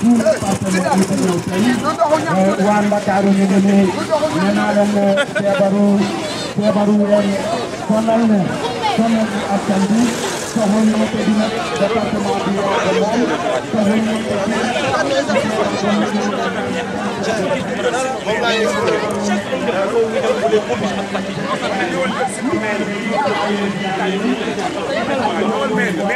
tout partenaire yi fi ñëw tey waa Ndakaaru ñu ngi nii nee naa leen ne feebaru feebaru woon sonal na sonal na askan bi soxal na te dina département bi yor ko moom soxal na te dina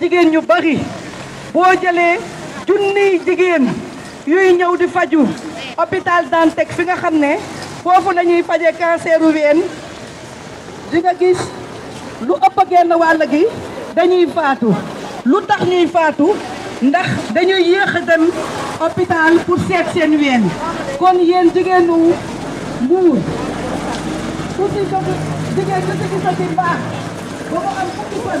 jigen ñu bari bo jale junni jigen yuy ñew di faju hôpital dantek fi nga xamne fofu lañuy faje canceru ween di nga gis lu upp genn wàll gi dañuy faatu lu tax ñuy faatu ndax dañuy yéex dem hôpital pour seet sen ween kon yéen jigéenu mbuur ku ci jigéen ku ci gisati mbaax ba mu am fukki fan